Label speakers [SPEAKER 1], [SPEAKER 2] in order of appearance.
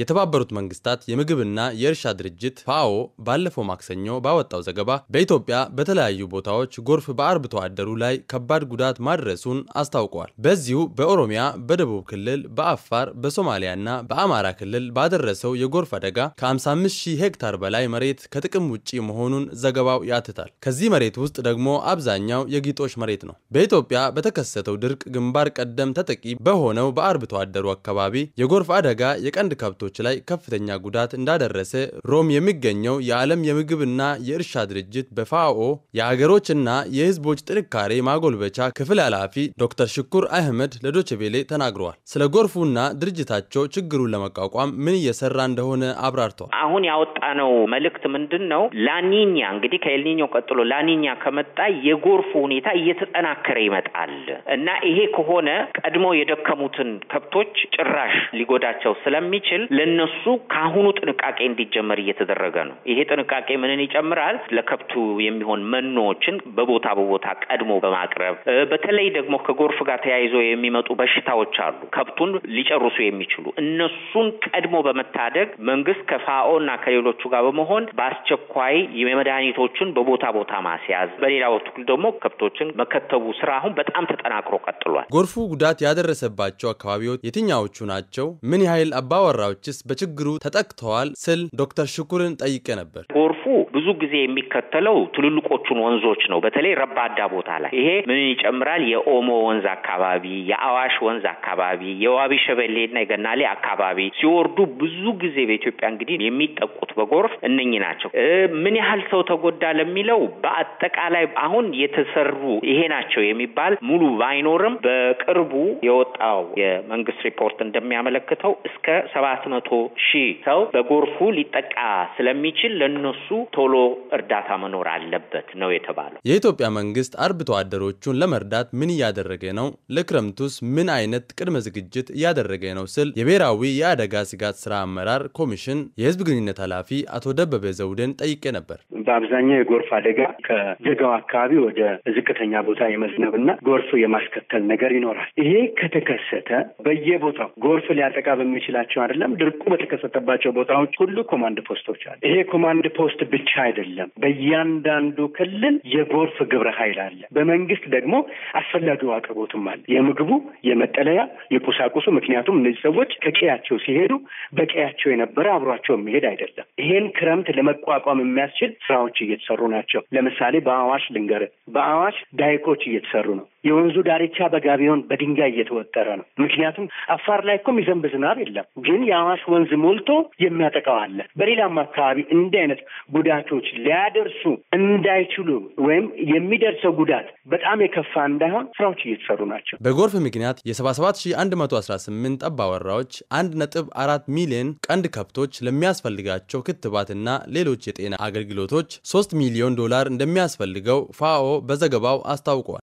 [SPEAKER 1] የተባበሩት መንግስታት የምግብና የእርሻ ድርጅት ፋኦ ባለፈው ማክሰኞ ባወጣው ዘገባ በኢትዮጵያ በተለያዩ ቦታዎች ጎርፍ በአርብቶ አደሩ ላይ ከባድ ጉዳት ማድረሱን አስታውቋል። በዚሁ በኦሮሚያ፣ በደቡብ ክልል፣ በአፋር፣ በሶማሊያና በአማራ ክልል ባደረሰው የጎርፍ አደጋ ከ55 ሺህ ሄክታር በላይ መሬት ከጥቅም ውጪ መሆኑን ዘገባው ያትታል። ከዚህ መሬት ውስጥ ደግሞ አብዛኛው የግጦሽ መሬት ነው። በኢትዮጵያ በተከሰተው ድርቅ ግንባር ቀደም ተጠቂ በሆነው በአርብቶ አደሩ አካባቢ የጎርፍ አደጋ የቀንድ ከብቶ ምርቶች ላይ ከፍተኛ ጉዳት እንዳደረሰ ሮም የሚገኘው የዓለም የምግብና የእርሻ ድርጅት በፋኦ የአገሮችና የህዝቦች ጥንካሬ ማጎልበቻ ክፍል ኃላፊ ዶክተር ሽኩር አህመድ ለዶችቬሌ ተናግረዋል። ስለ ጎርፉና ድርጅታቸው ችግሩን ለመቋቋም ምን እየሰራ እንደሆነ አብራርተዋል።
[SPEAKER 2] አሁን ያወጣነው መልእክት ምንድን ነው? ላኒኛ እንግዲህ ከኤልኒኞ ቀጥሎ ላኒኛ ከመጣ የጎርፉ ሁኔታ እየተጠናከረ ይመጣል እና ይሄ ከሆነ ቀድሞ የደከሙትን ከብቶች ጭራሽ ሊጎዳቸው ስለሚችል ለነሱ ከአሁኑ ጥንቃቄ እንዲጀመር እየተደረገ ነው። ይሄ ጥንቃቄ ምንን ይጨምራል? ለከብቱ የሚሆን መኖዎችን በቦታ በቦታ ቀድሞ በማቅረብ በተለይ ደግሞ ከጎርፍ ጋር ተያይዞ የሚመጡ በሽታዎች አሉ፣ ከብቱን ሊጨርሱ የሚችሉ እነሱን ቀድሞ በመታደግ መንግስት ከፋኦ እና ከሌሎቹ ጋር በመሆን በአስቸኳይ የመድኃኒቶችን በቦታ ቦታ ማስያዝ፣ በሌላ በኩል ደግሞ ከብቶችን መከተቡ ስራ አሁን በጣም ተጠናክሮ
[SPEAKER 1] ቀጥሏል። ጎርፉ ጉዳት ያደረሰባቸው አካባቢዎች የትኛዎቹ ናቸው? ምን ያህል አባወራዎች ሰዎችስ በችግሩ ተጠቅተዋል ስል ዶክተር ሽኩርን ጠይቄ ነበር። ብዙ ጊዜ የሚከተለው
[SPEAKER 2] ትልልቆቹን ወንዞች ነው። በተለይ ረባዳ ቦታ ላይ ይሄ ምን ይጨምራል? የኦሞ ወንዝ አካባቢ፣ የአዋሽ ወንዝ አካባቢ፣ የዋቢ ሸበሌና የገናሌ አካባቢ ሲወርዱ ብዙ ጊዜ በኢትዮጵያ እንግዲህ የሚጠቁት በጎርፍ እነኚህ ናቸው። ምን ያህል ሰው ተጎዳ ለሚለው በአጠቃላይ አሁን የተሰሩ ይሄ ናቸው የሚባል ሙሉ ባይኖርም በቅርቡ የወጣው የመንግስት ሪፖርት እንደሚያመለክተው እስከ ሰባት መቶ ሺህ ሰው በጎርፉ ሊጠቃ ስለሚችል ለነሱ ቶሎ እርዳታ መኖር
[SPEAKER 1] አለበት ነው የተባለው። የኢትዮጵያ መንግስት አርብቶ አደሮቹን ለመርዳት ምን እያደረገ ነው? ለክረምቱስ ምን አይነት ቅድመ ዝግጅት እያደረገ ነው ስል የብሔራዊ የአደጋ ስጋት ስራ አመራር ኮሚሽን የህዝብ ግንኙነት ኃላፊ አቶ ደበበ ዘውደን ጠይቄ ነበር።
[SPEAKER 3] በአብዛኛው የጎርፍ አደጋ ከደጋው አካባቢ ወደ ዝቅተኛ ቦታ የመዝነብና ጎርፍ የማስከተል ነገር ይኖራል። ይሄ ከተከሰተ በየቦታው ጎርፍ ሊያጠቃ በሚችላቸው አይደለም ድርቁ በተከሰተባቸው ቦታዎች ሁሉ ኮማንድ ፖስቶች አሉ። ይሄ ኮማንድ ፖስት ብቻ አይደለም። በእያንዳንዱ ክልል የጎርፍ ግብረ ኃይል አለ። በመንግስት ደግሞ አስፈላጊው አቅርቦትም አለ። የምግቡ፣ የመጠለያ፣ የቁሳቁሱ። ምክንያቱም እነዚህ ሰዎች ከቀያቸው ሲሄዱ በቀያቸው የነበረ አብሯቸው የሚሄድ አይደለም። ይሄን ክረምት ለመቋቋም የሚያስችል ስራዎች እየተሰሩ ናቸው። ለምሳሌ በአዋሽ ልንገር፣ በአዋሽ ዳይኮች እየተሰሩ ነው። የወንዙ ዳርቻ በጋቢዮን በድንጋይ እየተወጠረ ነው። ምክንያቱም አፋር ላይ እኮ የሚዘንብ ዝናብ የለም፣ ግን የአዋሽ ወንዝ ሞልቶ የሚያጠቃው አለ። በሌላም አካባቢ እንዲህ አይነት ጉዳቶች ሊያደርሱ እንዳይችሉ ወይም የሚደርሰው ጉዳት በጣም የከፋ እንዳይሆን ስራዎች እየተሰሩ ናቸው።
[SPEAKER 1] በጎርፍ ምክንያት የ77118 አባወራዎች 1.4 ሚሊዮን ቀንድ ከብቶች ለሚያስፈልጋቸው ክትባትና ሌሎች የጤና አገልግሎቶች 3 ሚሊዮን ዶላር እንደሚያስፈልገው ፋኦ በዘገባው አስታውቋል።